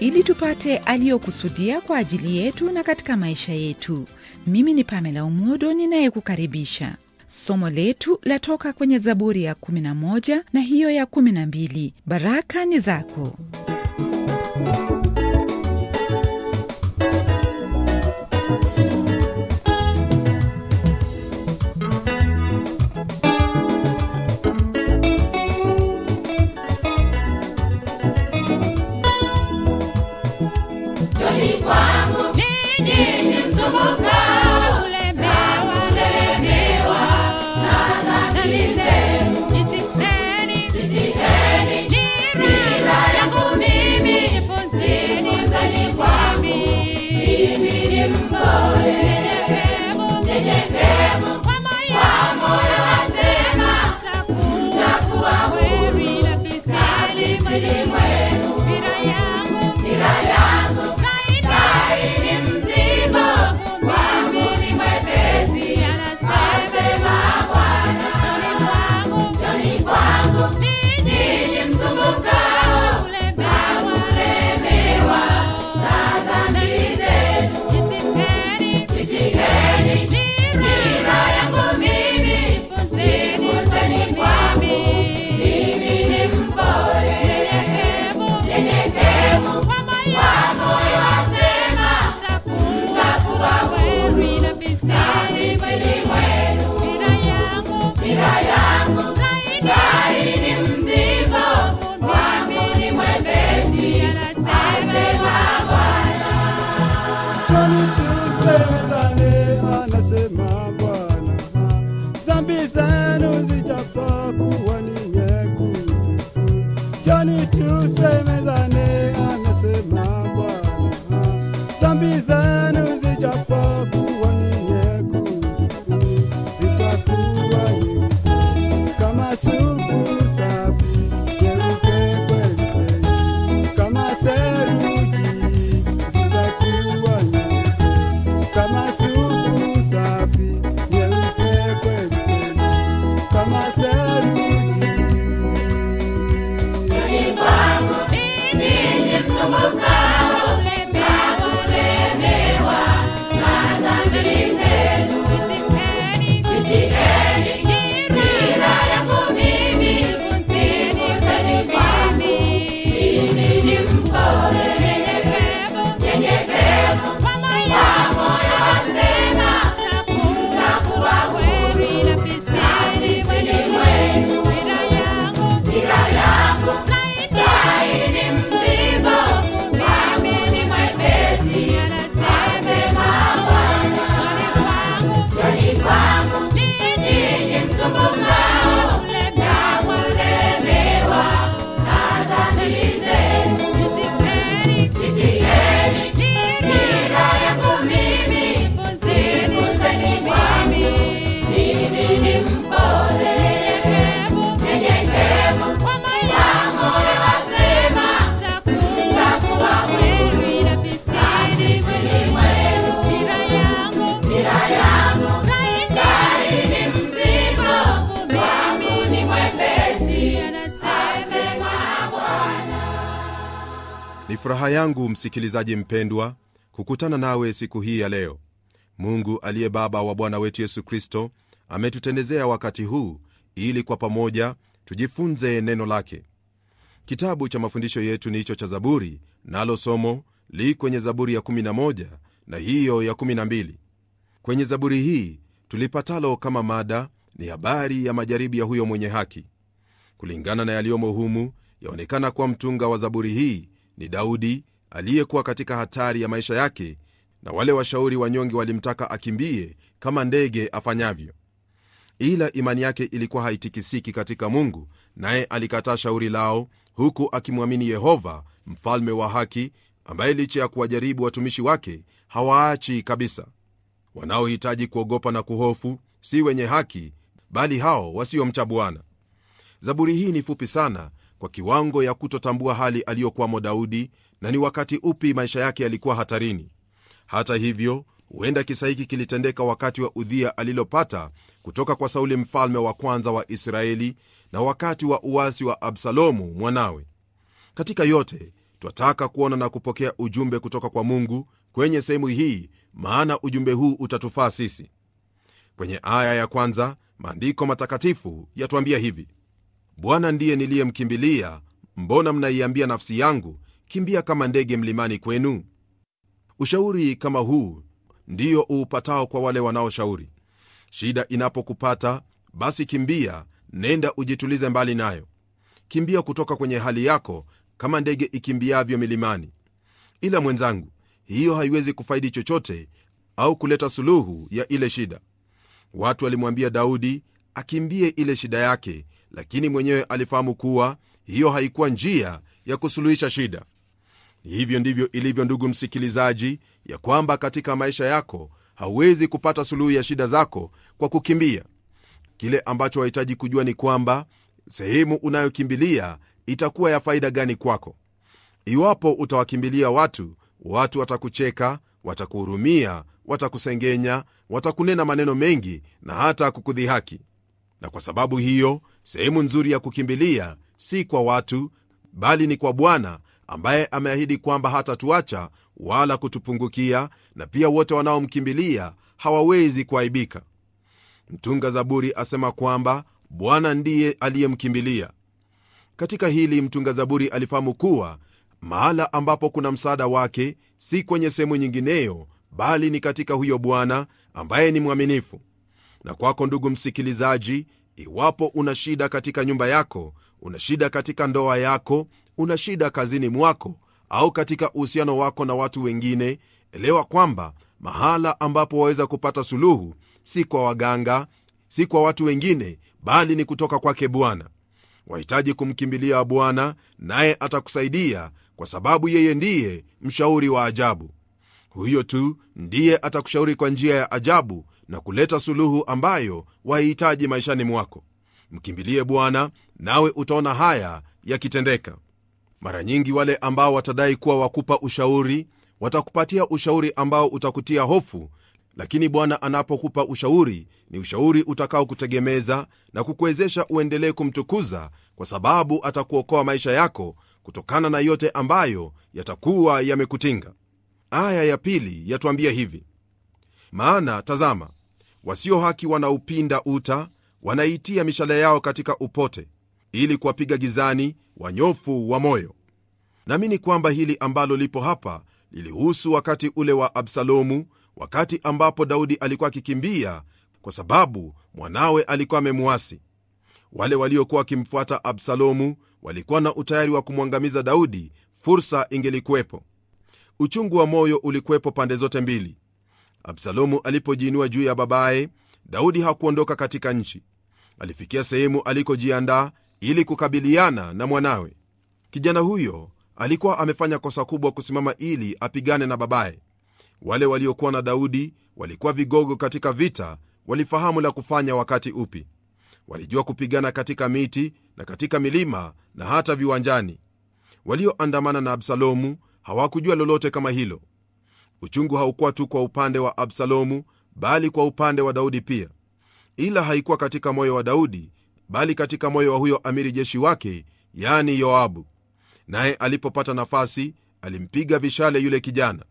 ili tupate aliyokusudia kwa ajili yetu na katika maisha yetu. Mimi ni Pamela Umodo ninayekukaribisha. Somo letu latoka kwenye Zaburi ya 11 na hiyo ya 12, baraka ni zako. furaha yangu msikilizaji mpendwa kukutana nawe siku hii ya leo mungu aliye baba wa bwana wetu yesu kristo ametutendezea wakati huu ili kwa pamoja tujifunze neno lake kitabu cha mafundisho yetu ni hicho cha zaburi nalo na somo li kwenye zaburi ya 11 na hiyo ya 12 kwenye zaburi hii tulipatalo kama mada ni habari ya majaribu ya huyo mwenye haki kulingana na yaliyomo humu yaonekana kuwa mtunga wa zaburi hii ni daudi aliyekuwa katika hatari ya maisha yake na wale washauri wanyonge walimtaka akimbie kama ndege afanyavyo ila imani yake ilikuwa haitikisiki katika mungu naye alikataa shauri lao huku akimwamini yehova mfalme wa haki ambaye licha ya kuwajaribu watumishi wake hawaachi kabisa wanaohitaji kuogopa na kuhofu si wenye haki bali hao wasiomcha bwana zaburi hii ni fupi sana kwa kiwango ya kutotambua hali aliyokwamo Daudi na ni wakati upi maisha yake yalikuwa hatarini. Hata hivyo, huenda kisa hiki kilitendeka wakati wa udhia alilopata kutoka kwa Sauli mfalme wa kwanza wa Israeli na wakati wa uasi wa Absalomu mwanawe. Katika yote twataka kuona na kupokea ujumbe kutoka kwa Mungu kwenye sehemu hii, maana ujumbe huu utatufaa sisi. Kwenye aya ya kwanza maandiko matakatifu yatuambia hivi: Bwana ndiye niliyemkimbilia, mbona mnaiambia nafsi yangu, kimbia kama ndege mlimani kwenu? Ushauri kama huu ndiyo uupatao kwa wale wanaoshauri. Shida inapokupata basi kimbia, nenda ujitulize mbali nayo. Kimbia kutoka kwenye hali yako kama ndege ikimbiavyo milimani. Ila mwenzangu, hiyo haiwezi kufaidi chochote au kuleta suluhu ya ile shida. Watu walimwambia Daudi akimbie ile shida yake, lakini mwenyewe alifahamu kuwa hiyo haikuwa njia ya kusuluhisha shida hivyo ndivyo ilivyo ndugu msikilizaji ya kwamba katika maisha yako hauwezi kupata suluhu ya shida zako kwa kukimbia kile ambacho wahitaji kujua ni kwamba sehemu unayokimbilia itakuwa ya faida gani kwako iwapo utawakimbilia watu watu watakucheka watakuhurumia watakusengenya watakunena maneno mengi na hata kukudhihaki na kwa sababu hiyo Sehemu nzuri ya kukimbilia si kwa watu, bali ni kwa Bwana ambaye ameahidi kwamba hatatuacha wala kutupungukia, na pia wote wanaomkimbilia hawawezi kuaibika. Mtunga Zaburi asema kwamba Bwana ndiye aliyemkimbilia. Katika hili mtunga Zaburi alifahamu kuwa mahala ambapo kuna msaada wake si kwenye sehemu nyingineyo, bali ni katika huyo Bwana ambaye ni mwaminifu. Na kwako ndugu msikilizaji, iwapo una shida katika nyumba yako una shida katika ndoa yako una shida kazini mwako au katika uhusiano wako na watu wengine elewa kwamba mahala ambapo waweza kupata suluhu si kwa waganga si kwa watu wengine bali ni kutoka kwake bwana wahitaji kumkimbilia bwana naye atakusaidia kwa sababu yeye ndiye mshauri wa ajabu huyo tu ndiye atakushauri kwa njia ya ajabu na kuleta suluhu ambayo wahitaji maishani mwako mkimbilie bwana nawe utaona haya yakitendeka mara nyingi wale ambao watadai kuwa wakupa ushauri watakupatia ushauri ambao utakutia hofu lakini bwana anapokupa ushauri ni ushauri utakaokutegemeza na kukuwezesha uendelee kumtukuza kwa sababu atakuokoa maisha yako kutokana na yote ambayo yatakuwa yamekutinga Aya ya pili yatuambia hivi: maana tazama, wasio haki wanaupinda uta, wanaitia mishale yao katika upote, ili kuwapiga gizani wanyofu wa moyo. Naamini kwamba hili ambalo lipo hapa lilihusu wakati ule wa Absalomu, wakati ambapo Daudi alikuwa akikimbia kwa sababu mwanawe alikuwa amemuasi. Wale waliokuwa wakimfuata Absalomu walikuwa na utayari wa kumwangamiza Daudi, fursa ingelikuwepo uchungu wa moyo ulikuwepo pande zote mbili. Absalomu alipojiinua juu ya babaye, Daudi hakuondoka katika nchi. Alifikia sehemu alikojiandaa ili kukabiliana na mwanawe. Kijana huyo alikuwa amefanya kosa kubwa kusimama ili apigane na babaye. Wale waliokuwa na Daudi walikuwa vigogo katika vita, walifahamu la kufanya wakati upi. Walijua kupigana katika miti na katika milima na hata viwanjani. Walioandamana na Absalomu hawakujua lolote kama hilo. Uchungu haukuwa tu kwa upande wa Absalomu, bali kwa upande wa Daudi pia, ila haikuwa katika moyo wa Daudi, bali katika moyo wa huyo amiri jeshi wake, yani Yoabu. Naye alipopata nafasi, alimpiga vishale yule kijana.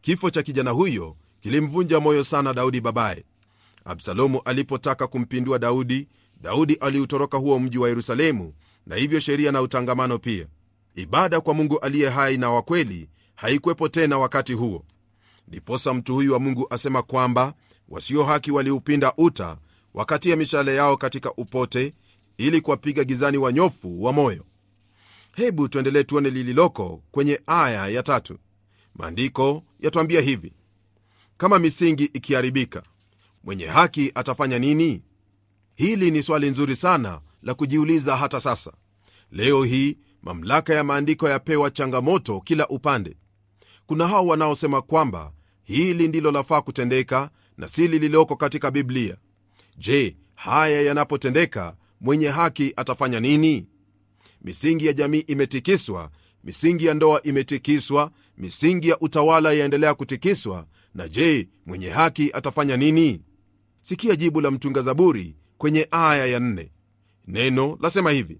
Kifo cha kijana huyo kilimvunja moyo sana Daudi babaye. Absalomu alipotaka kumpindua Daudi, Daudi aliutoroka huo mji wa Yerusalemu, na hivyo sheria na utangamano pia. Ibada kwa Mungu aliye hai na wakweli haikwepo tena wakati huo. Ndiposa mtu huyu wa Mungu asema kwamba wasio haki waliupinda uta, wakatia mishale yao katika upote, ili kuwapiga gizani wanyofu wa moyo. Hebu tuendelee tuone lililoko kwenye aya ya tatu. Maandiko yatwambia hivi: kama misingi ikiharibika, mwenye haki atafanya nini? Hili ni swali nzuri sana la kujiuliza hata sasa leo hii mamlaka ya maandiko yapewa changamoto kila upande. Kuna hao wanaosema kwamba hili ndilo lafaa kutendeka na si lililoko katika Biblia. Je, haya yanapotendeka, mwenye haki atafanya nini? Misingi ya jamii imetikiswa, misingi ya ndoa imetikiswa, misingi ya utawala yaendelea kutikiswa. Na je, mwenye haki atafanya nini? Sikia jibu la mtunga Zaburi kwenye aya ya nne. Neno lasema hivi: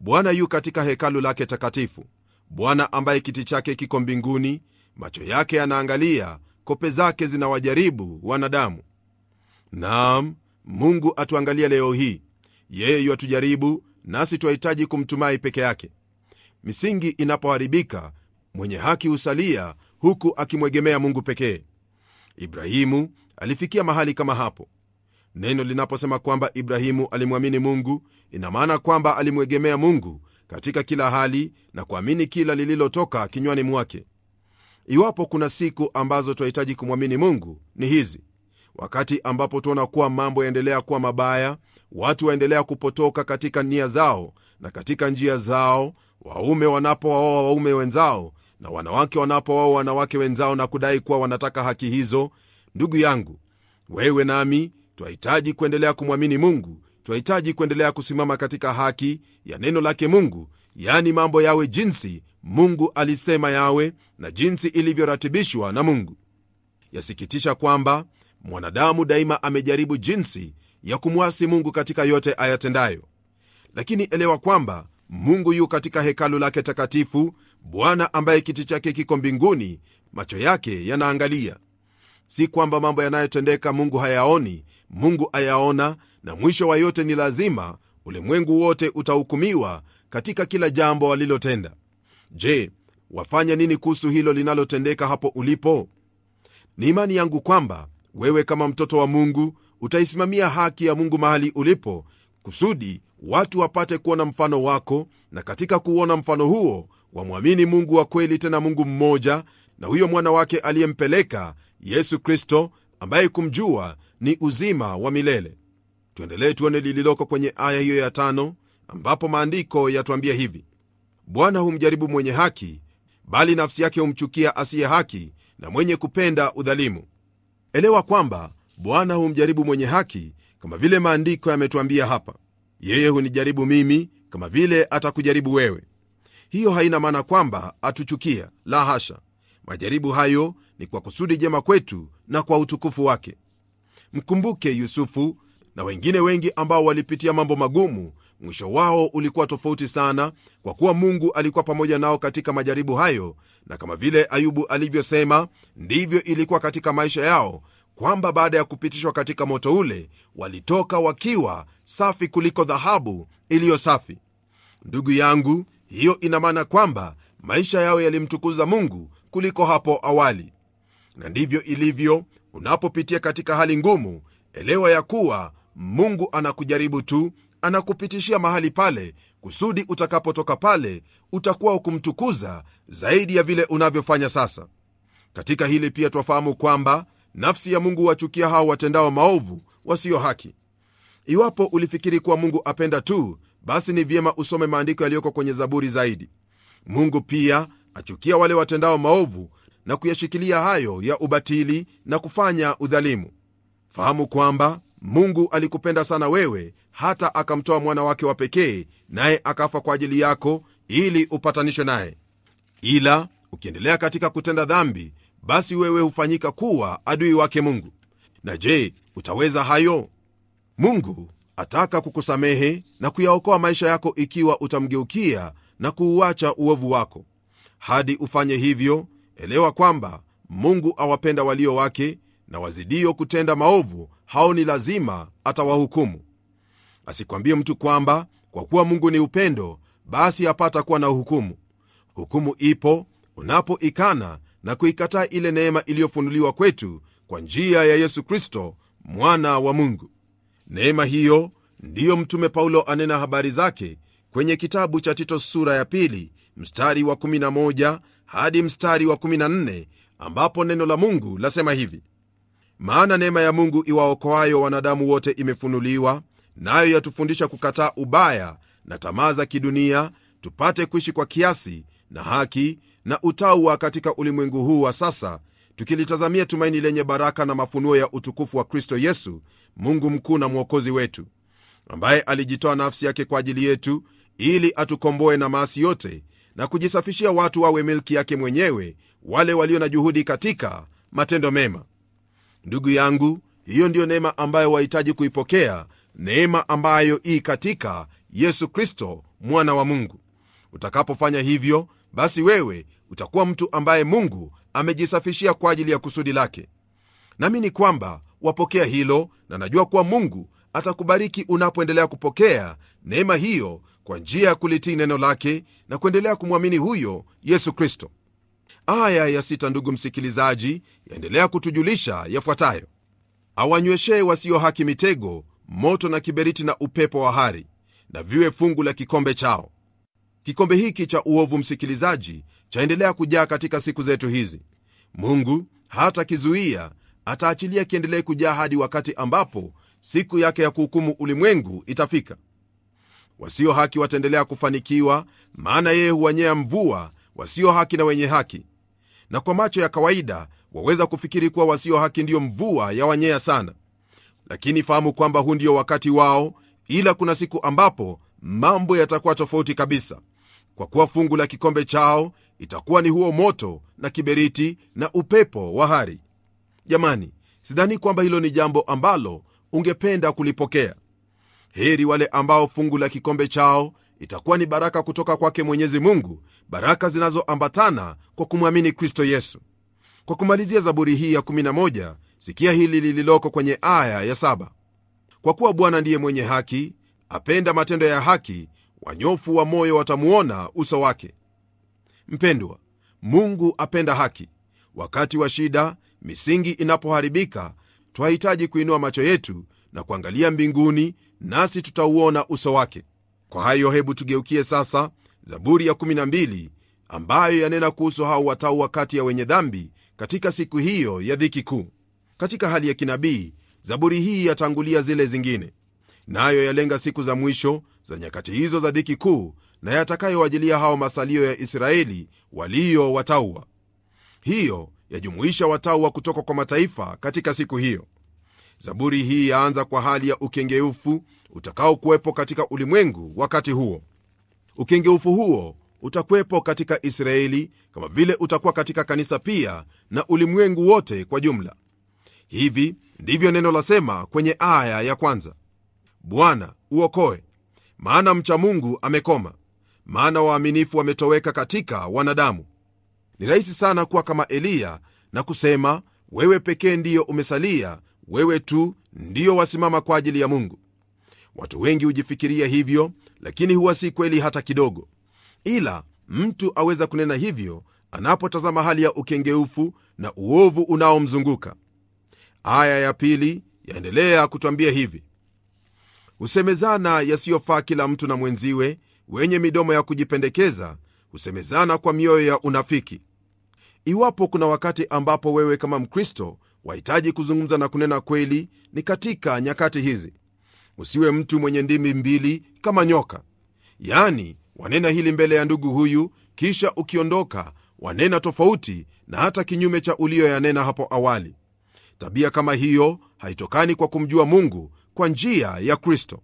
Bwana yu katika hekalu lake takatifu. Bwana ambaye kiti chake kiko mbinguni, macho yake yanaangalia, kope zake zinawajaribu wanadamu. nam Mungu atuangalia leo hii, yeye yuatujaribu, nasi twahitaji kumtumai peke yake. Misingi inapoharibika, mwenye haki husalia huku akimwegemea Mungu pekee. Ibrahimu alifikia mahali kama hapo. Neno linaposema kwamba Ibrahimu alimwamini Mungu, ina maana kwamba alimwegemea Mungu katika kila hali na kuamini kila lililotoka kinywani mwake. Iwapo kuna siku ambazo tunahitaji kumwamini Mungu ni hizi, wakati ambapo tuona kuwa mambo yaendelea kuwa mabaya, watu waendelea kupotoka katika nia zao na katika njia zao, waume wanapowaoa waume wenzao na wanawake wanapowaoa wanawake wenzao na kudai kuwa wanataka haki hizo. Ndugu yangu, wewe nami twahitaji kuendelea kumwamini Mungu, twahitaji kuendelea kusimama katika haki ya neno lake Mungu, yani mambo yawe jinsi Mungu alisema yawe na jinsi ilivyoratibishwa na Mungu. Yasikitisha kwamba mwanadamu daima amejaribu jinsi ya kumwasi Mungu katika yote ayatendayo, lakini elewa kwamba Mungu yu katika hekalu lake takatifu, Bwana ambaye kiti chake kiko mbinguni, macho yake yanaangalia. Si kwamba mambo yanayotendeka Mungu hayaoni, Mungu ayaona, na mwisho wa yote ni lazima ulimwengu wote utahukumiwa katika kila jambo walilotenda. Je, wafanya nini kuhusu hilo linalotendeka hapo ulipo? Ni imani yangu kwamba wewe kama mtoto wa Mungu utaisimamia haki ya Mungu mahali ulipo, kusudi watu wapate kuona mfano wako, na katika kuona mfano huo wamwamini Mungu wa kweli, tena Mungu mmoja, na huyo mwana wake aliyempeleka Yesu Kristo, ambaye kumjua ni uzima wa milele tuendelee tuone lililoko kwenye aya hiyo ya tano ambapo maandiko yatuambia hivi bwana humjaribu mwenye haki bali nafsi yake humchukia asiye haki na mwenye kupenda udhalimu elewa kwamba bwana humjaribu mwenye haki kama vile maandiko yametuambia hapa yeye hunijaribu mimi kama vile atakujaribu wewe hiyo haina maana kwamba atuchukia la hasha majaribu hayo ni kwa kusudi jema kwetu na kwa utukufu wake mkumbuke yusufu na wengine wengi ambao walipitia mambo magumu mwisho wao ulikuwa tofauti sana kwa kuwa mungu alikuwa pamoja nao katika majaribu hayo na kama vile ayubu alivyosema ndivyo ilikuwa katika maisha yao kwamba baada ya kupitishwa katika moto ule walitoka wakiwa safi kuliko dhahabu iliyo safi ndugu yangu hiyo ina maana kwamba maisha yao yalimtukuza mungu kuliko hapo awali na ndivyo ilivyo unapopitia katika hali ngumu elewa ya kuwa mungu anakujaribu tu anakupitishia mahali pale kusudi utakapotoka pale utakuwa ukumtukuza zaidi ya vile unavyofanya sasa katika hili pia twafahamu kwamba nafsi ya mungu huwachukia hao watendao maovu wasiyo haki iwapo ulifikiri kuwa mungu apenda tu basi ni vyema usome maandiko yaliyoko kwenye zaburi zaidi mungu pia achukia wale watendao maovu na kuyashikilia hayo ya ubatili na kufanya udhalimu. Fahamu kwamba Mungu alikupenda sana wewe hata akamtoa mwana wake wa pekee, naye akafa kwa ajili yako ili upatanishwe naye. Ila ukiendelea katika kutenda dhambi, basi wewe hufanyika kuwa adui wake Mungu. Na je, utaweza hayo? Mungu ataka kukusamehe na kuyaokoa maisha yako ikiwa utamgeukia na kuuacha uovu wako. Hadi ufanye hivyo, elewa kwamba mungu awapenda walio wake na wazidio kutenda maovu hao ni lazima atawahukumu asikwambie mtu kwamba kwa kuwa mungu ni upendo basi apata kuwa na hukumu hukumu ipo unapoikana na kuikataa ile neema iliyofunuliwa kwetu kwa njia ya yesu kristo mwana wa mungu neema hiyo ndiyo mtume paulo anena habari zake kwenye kitabu cha tito sura ya pili mstari wa 11 hadi mstari wa 14 ambapo neno la mungu lasema hivi maana neema ya mungu iwaokoayo wanadamu wote imefunuliwa nayo yatufundisha kukataa ubaya na tamaa za kidunia tupate kuishi kwa kiasi na haki na utaua katika ulimwengu huu wa sasa tukilitazamia tumaini lenye baraka na mafunuo ya utukufu wa kristo yesu mungu mkuu na mwokozi wetu ambaye alijitoa nafsi yake kwa ajili yetu ili atukomboe na maasi yote na kujisafishia watu wawe milki yake mwenyewe wale walio na juhudi katika matendo mema ndugu yangu hiyo ndiyo neema ambayo wahitaji kuipokea neema ambayo ii katika yesu kristo mwana wa mungu utakapofanya hivyo basi wewe utakuwa mtu ambaye mungu amejisafishia kwa ajili ya kusudi lake nami ni kwamba wapokea hilo na najua kuwa mungu atakubariki unapoendelea kupokea neema hiyo kwa njia ya kulitii neno lake na kuendelea kumwamini huyo yesu kristo aya ya sita ndugu msikilizaji yaendelea kutujulisha yafuatayo awanyweshee wasio haki mitego moto na kiberiti na upepo wa hari na viwe fungu la kikombe chao kikombe hiki cha uovu msikilizaji chaendelea kujaa katika siku zetu hizi mungu hata kizuia ataachilia kiendelee kujaa hadi wakati ambapo siku yake ya kuhukumu ulimwengu itafika Wasio haki wataendelea kufanikiwa, maana yeye huwanyea mvua wasio haki na wenye haki. Na kwa macho ya kawaida waweza kufikiri kuwa wasio haki ndiyo mvua yawanyea sana, lakini fahamu kwamba huu ndio wakati wao, ila kuna siku ambapo mambo yatakuwa tofauti kabisa, kwa kuwa fungu la kikombe chao itakuwa ni huo moto na kiberiti na upepo wa hari. Jamani, sidhani kwamba hilo ni jambo ambalo ungependa kulipokea heri wale ambao fungu la kikombe chao itakuwa ni baraka kutoka kwake mwenyezi mungu baraka zinazoambatana kwa kumwamini kristo yesu kwa kumalizia zaburi hii ya 11 sikia hili lililoko kwenye aya ya 7 kwa kuwa bwana ndiye mwenye haki apenda matendo ya haki wanyofu wa moyo watamuona uso wake mpendwa mungu apenda haki wakati wa shida misingi inapoharibika twahitaji kuinua macho yetu na kuangalia mbinguni nasi tutauona uso wake kwa hayo hebu tugeukie sasa zaburi ya 12 ambayo yanena kuhusu hao watau kati ya wenye dhambi katika siku hiyo ya dhiki kuu katika hali ya kinabii zaburi hii yatangulia zile zingine nayo na yalenga siku za mwisho za nyakati hizo za dhiki kuu na yatakayoajilia hao masalio ya israeli walio wataua hiyo yajumuisha watauwa kutoka kwa mataifa katika siku hiyo zaburi hii yaanza kwa hali ya ukengeufu utakaokuwepo katika ulimwengu wakati huo ukengeufu huo utakuwepo katika israeli kama vile utakuwa katika kanisa pia na ulimwengu wote kwa jumla hivi ndivyo neno lasema kwenye aya ya kwanza bwana uokoe maana mcha mungu amekoma maana waaminifu wametoweka katika wanadamu ni rahisi sana kuwa kama eliya na kusema wewe pekee ndiyo umesalia wewe tu ndiyo wasimama kwa ajili ya mungu watu wengi hujifikiria hivyo lakini huwa si kweli hata kidogo ila mtu aweza kunena hivyo anapotazama hali ya ukengeufu na uovu unaomzunguka aya ya pili yaendelea kutwambia hivi husemezana yasiyofaa kila mtu na mwenziwe wenye midomo ya kujipendekeza husemezana kwa mioyo ya unafiki iwapo kuna wakati ambapo wewe kama mkristo wahitaji kuzungumza na kunena kweli ni katika nyakati hizi. Usiwe mtu mwenye ndimi mbili kama nyoka, yaani wanena hili mbele ya ndugu huyu, kisha ukiondoka wanena tofauti na hata kinyume cha uliyoyanena hapo awali. Tabia kama hiyo haitokani kwa kumjua Mungu kwa njia ya Kristo.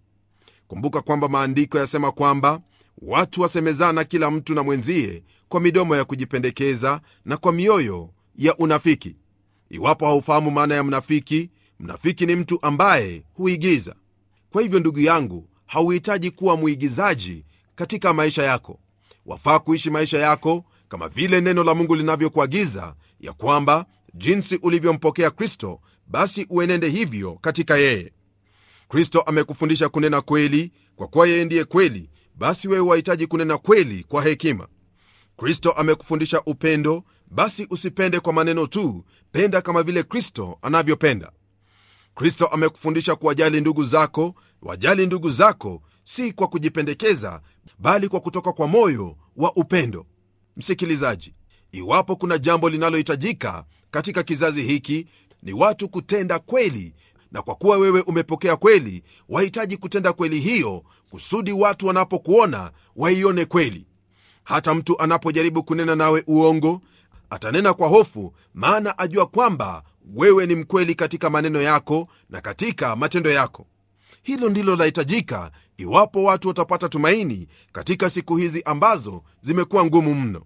Kumbuka kwamba maandiko yasema kwamba watu wasemezana kila mtu na mwenzie kwa midomo ya kujipendekeza na kwa mioyo ya unafiki iwapo haufahamu maana ya mnafiki mnafiki ni mtu ambaye huigiza kwa hivyo ndugu yangu hauhitaji kuwa mwigizaji katika maisha yako wafaa kuishi maisha yako kama vile neno la mungu linavyokuagiza ya kwamba jinsi ulivyompokea kristo basi uenende hivyo katika yeye kristo amekufundisha kunena kweli kwa kuwa yeye ndiye kweli basi wewe wahitaji kunena kweli kwa hekima kristo amekufundisha upendo basi usipende kwa maneno tu penda kama vile kristo anavyopenda kristo amekufundisha kuwajali ndugu zako wajali ndugu zako si kwa kujipendekeza bali kwa kutoka kwa moyo wa upendo msikilizaji iwapo kuna jambo linalohitajika katika kizazi hiki ni watu kutenda kweli na kwa kuwa wewe umepokea kweli wahitaji kutenda kweli hiyo kusudi watu wanapokuona waione kweli hata mtu anapojaribu kunena nawe uongo atanena kwa hofu maana ajua kwamba wewe ni mkweli katika maneno yako na katika matendo yako hilo ndilo lahitajika iwapo watu watapata tumaini katika siku hizi ambazo zimekuwa ngumu mno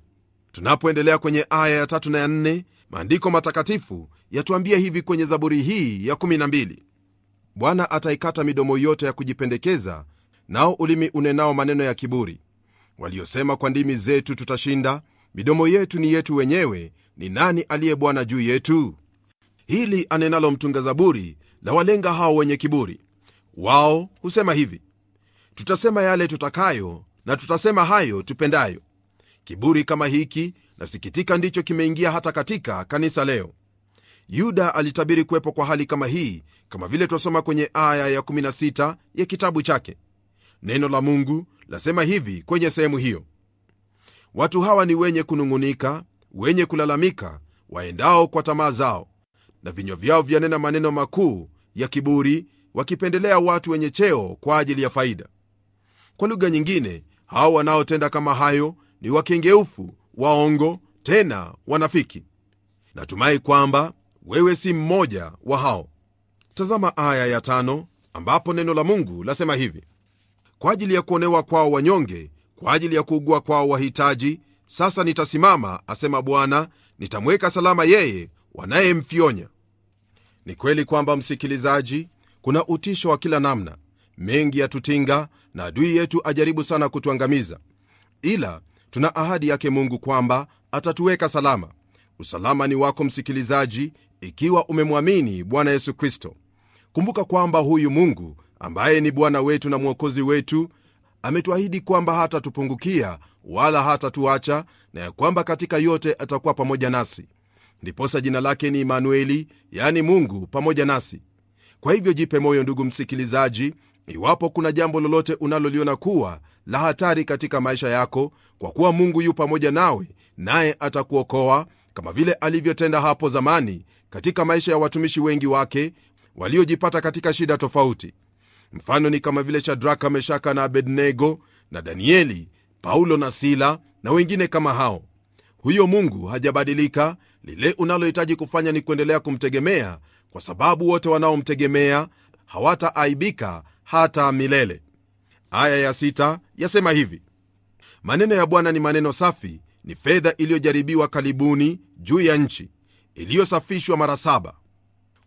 tunapoendelea kwenye aya ya tatu na ya nne maandiko matakatifu yatuambia hivi kwenye zaburi hii ya 12 bwana ataikata midomo yote ya kujipendekeza nao ulimi unenao maneno ya kiburi waliosema kwa ndimi zetu tutashinda, midomo yetu ni yetu wenyewe, ni nani aliye bwana juu yetu? Hili anenalo mtunga zaburi la walenga hao wenye kiburi. Wao husema hivi, tutasema yale tutakayo, na tutasema hayo tupendayo. Kiburi kama hiki nasikitika, ndicho kimeingia hata katika kanisa leo. Yuda alitabiri kuwepo kwa hali kama hii, kama vile twasoma kwenye aya ya 16 ya kitabu chake. Neno la Mungu lasema hivi kwenye sehemu hiyo watu hawa ni wenye kunung'unika wenye kulalamika waendao kwa tamaa zao na vinywa vyao vyanena maneno makuu ya kiburi wakipendelea watu wenye cheo kwa ajili ya faida kwa lugha nyingine hao wanaotenda kama hayo ni wakengeufu waongo tena wanafiki natumai kwamba wewe si mmoja wa hao tazama aya ya tano ambapo neno la mungu lasema hivi kwa ajili ya kuonewa kwao wanyonge, kwa ajili ya kuugua kwao wahitaji. Sasa nitasimama, asema Bwana, nitamweka salama yeye wanayemfyonya. Ni kweli kwamba, msikilizaji, kuna utisho wa kila namna, mengi yatutinga na adui yetu ajaribu sana kutuangamiza, ila tuna ahadi yake Mungu kwamba atatuweka salama. Usalama ni wako msikilizaji, ikiwa umemwamini Bwana Yesu Kristo. Kumbuka kwamba huyu Mungu ambaye ni Bwana wetu na Mwokozi wetu, ametuahidi kwamba hatatupungukia wala hatatuacha, na ya kwamba katika yote atakuwa pamoja nasi. Ndiposa jina lake ni Imanueli, yaani Mungu pamoja nasi. Kwa hivyo jipe moyo, ndugu msikilizaji, iwapo kuna jambo lolote unaloliona kuwa la hatari katika maisha yako, kwa kuwa Mungu yu pamoja nawe, naye atakuokoa kama vile alivyotenda hapo zamani katika maisha ya watumishi wengi wake waliojipata katika shida tofauti mfano ni kama vile Shadraka, Meshaka na Abednego na Danieli, Paulo na Sila na wengine kama hao. Huyo Mungu hajabadilika. Lile unalohitaji kufanya ni kuendelea kumtegemea, kwa sababu wote wanaomtegemea hawataaibika hata milele. Aya ya sita yasema hivi: maneno ya Bwana ni maneno safi, ni fedha iliyojaribiwa kalibuni juu ya nchi, iliyosafishwa mara saba.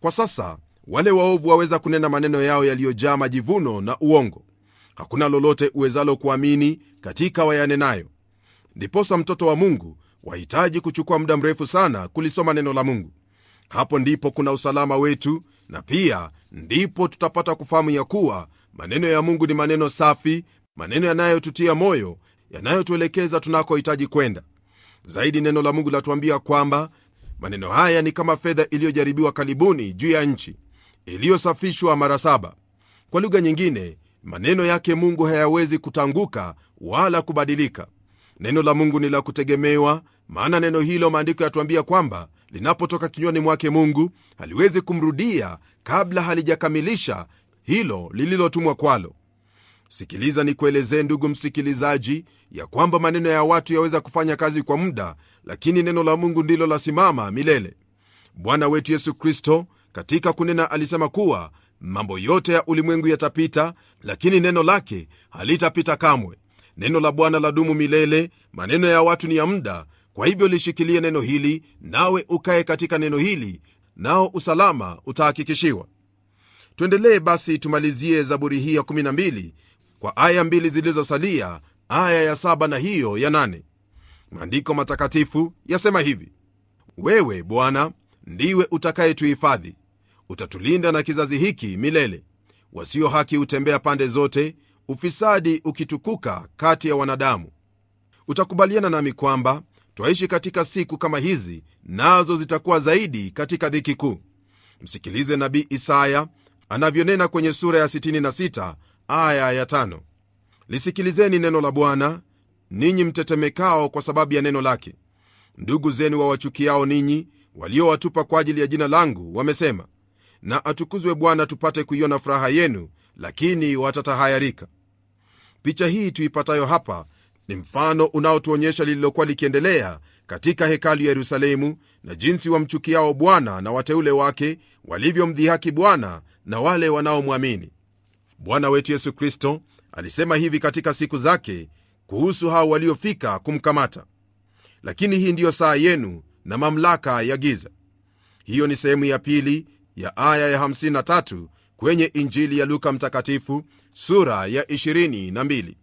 Kwa sasa wale waovu waweza kunena maneno yao yaliyojaa majivuno na uongo hakuna lolote uwezalo kuamini katika wayanenayo ndiposa mtoto wa mungu wahitaji kuchukua muda mrefu sana kulisoma neno la mungu hapo ndipo kuna usalama wetu na pia ndipo tutapata kufahamu ya kuwa maneno ya mungu ni maneno safi maneno yanayotutia moyo yanayotuelekeza tunakohitaji kwenda zaidi neno la mungu latuambia kwamba maneno haya ni kama fedha iliyojaribiwa kalibuni juu ya nchi iliyosafishwa mara saba. Kwa lugha nyingine, maneno yake Mungu hayawezi kutanguka wala kubadilika. Neno la Mungu ni la kutegemewa, maana neno hilo maandiko yatuambia kwamba linapotoka kinywani mwake Mungu haliwezi kumrudia kabla halijakamilisha hilo lililotumwa kwalo. Sikiliza nikuelezee, ndugu msikilizaji, ya kwamba maneno ya watu yaweza kufanya kazi kwa muda, lakini neno la Mungu ndilo lasimama milele. Bwana wetu Yesu Kristo katika kunena alisema kuwa mambo yote ya ulimwengu yatapita, lakini neno lake halitapita kamwe. Neno la Bwana la dumu milele, maneno ya watu ni ya muda. Kwa hivyo lishikilie neno hili, nawe ukaye katika neno hili, nao usalama utahakikishiwa. Tuendelee basi, tumalizie Zaburi hii ya 12 kwa aya mbili zilizosalia, aya ya saba na hiyo ya nane. Maandiko matakatifu yasema hivi: wewe Bwana ndiwe utakayetuhifadhi utatulinda na kizazi hiki milele. Wasio haki hutembea pande zote, ufisadi ukitukuka kati ya wanadamu. Utakubaliana nami kwamba twaishi katika siku kama hizi, nazo zitakuwa zaidi katika dhiki kuu. Msikilize nabii Isaya anavyonena kwenye sura ya 66 aya ya 5: lisikilizeni neno la Bwana ninyi mtetemekao kwa sababu ya neno lake. Ndugu zenu wawachukiao ninyi, waliowatupa kwa ajili ya jina langu, wamesema na atukuzwe Bwana tupate kuiona furaha yenu, lakini watatahayarika. Picha hii tuipatayo hapa ni mfano unaotuonyesha lililokuwa likiendelea katika hekalu ya Yerusalemu na jinsi wamchukiao Bwana na wateule wake walivyomdhihaki Bwana na wale wanaomwamini. Bwana wetu Yesu Kristo alisema hivi katika siku zake kuhusu hao waliofika kumkamata, lakini hii ndiyo saa yenu na mamlaka ya giza. Hiyo ni sehemu ya pili ya aya ya 53 kwenye injili ya luka mtakatifu sura ya 22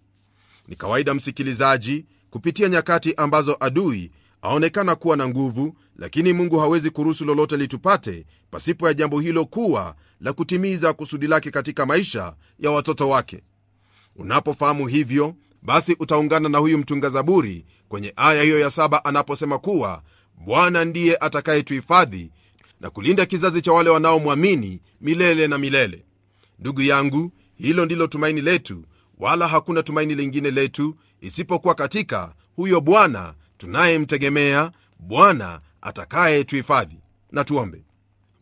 ni kawaida msikilizaji kupitia nyakati ambazo adui aonekana kuwa na nguvu lakini mungu hawezi kuruhusu lolote litupate pasipo ya jambo hilo kuwa la kutimiza kusudi lake katika maisha ya watoto wake unapofahamu hivyo basi utaungana na huyu mtunga zaburi kwenye aya hiyo ya saba anaposema kuwa bwana ndiye atakayetuhifadhi na kulinda kizazi cha wale wanaomwamini milele na milele. Ndugu yangu, hilo ndilo tumaini letu, wala hakuna tumaini lingine letu isipokuwa katika huyo Bwana tunayemtegemea, Bwana atakayetuhifadhi. Na tuombe.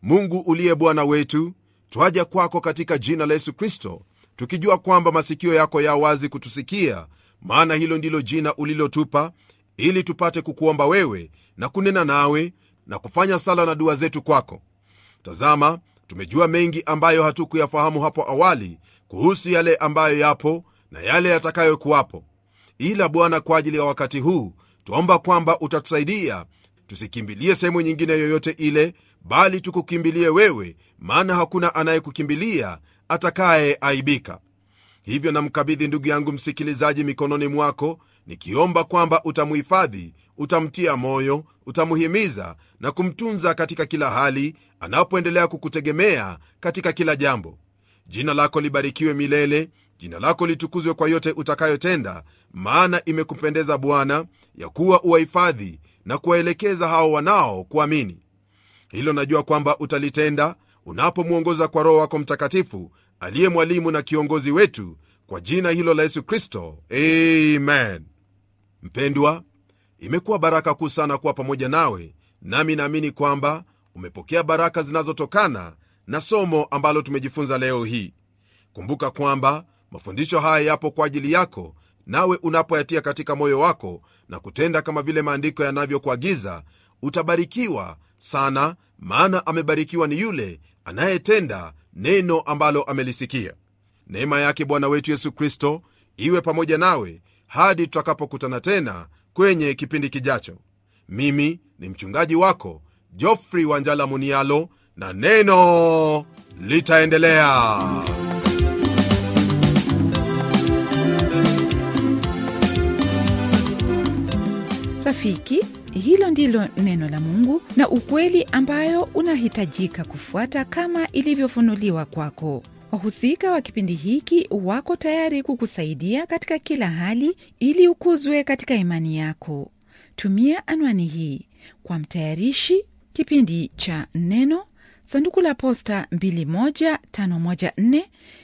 Mungu uliye Bwana wetu, twaja kwako katika jina la Yesu Kristo, tukijua kwamba masikio yako ya wazi kutusikia, maana hilo ndilo jina ulilotupa ili tupate kukuomba wewe na kunena nawe na kufanya sala na dua zetu kwako. Tazama, tumejua mengi ambayo hatukuyafahamu hapo awali kuhusu yale ambayo yapo na yale yatakayokuwapo, ila Bwana, kwa ajili ya wakati huu twaomba kwamba utatusaidia tusikimbilie sehemu nyingine yoyote ile, bali tukukimbilie wewe, maana hakuna anayekukimbilia atakayeaibika. Hivyo namkabidhi ndugu yangu msikilizaji mikononi mwako, nikiomba kwamba utamuhifadhi utamtia moyo utamhimiza na kumtunza katika kila hali anapoendelea kukutegemea katika kila jambo jina lako libarikiwe milele jina lako litukuzwe kwa yote utakayotenda maana imekupendeza bwana ya kuwa uwahifadhi na kuwaelekeza hao wanao kuamini hilo najua kwamba utalitenda unapomwongoza kwa roho wako mtakatifu aliye mwalimu na kiongozi wetu kwa jina hilo la yesu kristo amen mpendwa imekuwa baraka kuu sana kuwa pamoja nawe nami naamini kwamba umepokea baraka zinazotokana na somo ambalo tumejifunza leo hii kumbuka kwamba mafundisho haya yapo kwa ajili yako nawe unapoyatia katika moyo wako na kutenda kama vile maandiko yanavyokuagiza utabarikiwa sana maana amebarikiwa ni yule anayetenda neno ambalo amelisikia neema yake bwana wetu yesu kristo iwe pamoja nawe hadi tutakapokutana tena kwenye kipindi kijacho. Mimi ni mchungaji wako Jofri Wanjala Munialo, na neno litaendelea. Rafiki, hilo ndilo neno la Mungu na ukweli ambayo unahitajika kufuata kama ilivyofunuliwa kwako. Wahusika wa kipindi hiki wako tayari kukusaidia katika kila hali ili ukuzwe katika imani yako. Tumia anwani hii kwa mtayarishi kipindi cha Neno, sanduku la posta 21514,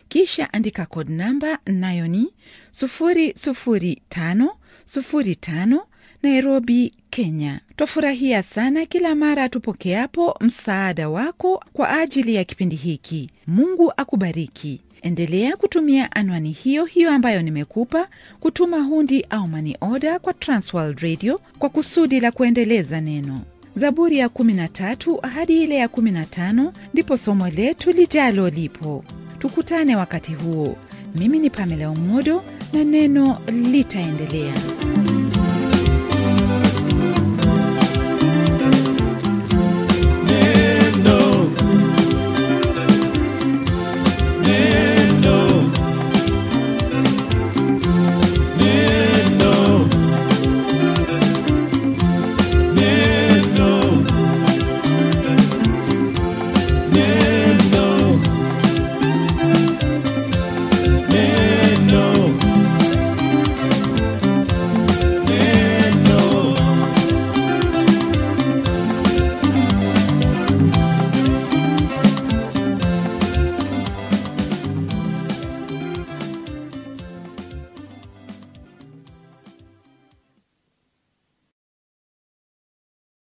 kisha andika kod namba, nayo ni 00505 Nairobi, Kenya. Twafurahia sana kila mara tupokeapo msaada wako kwa ajili ya kipindi hiki. Mungu akubariki. Endelea kutumia anwani hiyo hiyo ambayo nimekupa kutuma hundi au mani oda kwa Transworld Radio kwa kusudi la kuendeleza neno. Zaburi ya 13 hadi ile ya 15 ndipo somo letu lijalo lipo. Tukutane wakati huo. Mimi ni Pamela Umodo na neno litaendelea.